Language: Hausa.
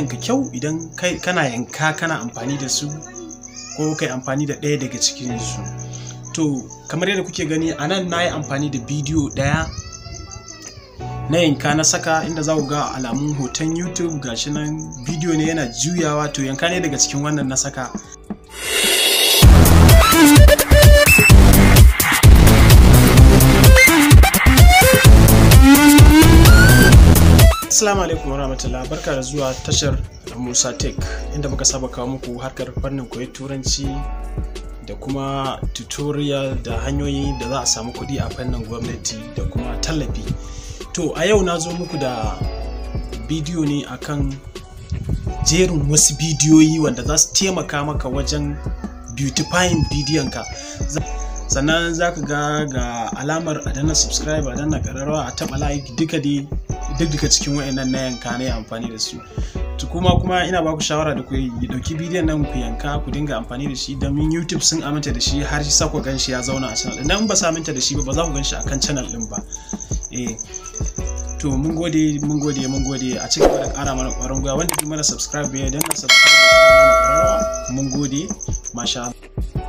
idanka kyau idan kana yanka kana amfani da su ko kai amfani da ɗaya daga cikin su to kamar yadda kuke gani a nan na yi amfani da bidiyo ɗaya na yanka na saka inda za ku ga alamun hoton youtube gashi nan bidiyo ne yana juyawa to yanka ne daga cikin wannan na saka Assalamu alaikum warahmatullahi barka da zuwa tashar Musa Tech inda muka saba kawo muku harkar fannin koyi turanci da kuma tutorial da hanyoyi da za a samu kuɗi a fannin gwamnati da kuma tallafi. To a yau na zo muku da bidiyo ne akan jerin wasu bidiyoyi wanda za su taimaka maka wajen beautifying ka Sannan za ka ga ga alamar adana danna subscribe a danna ƙararrawa a taɓa like duka dai duk duka cikin wa'annan na yanka na amfani da su to kuma kuma ina baku shawara da ku yi dauki bidiyon nan ku yanka ku dinga amfani da shi domin YouTube sun aminta da shi har shi sako ku ya zauna a channel din ba sa aminta da shi ba ba za ku ganshi a akan channel din ba eh to mun gode mun gode mun gode a cikin da ƙara mana ƙwarin gwiwa wanda bai mana subscribe bai dan subscribe mun gode masha Allah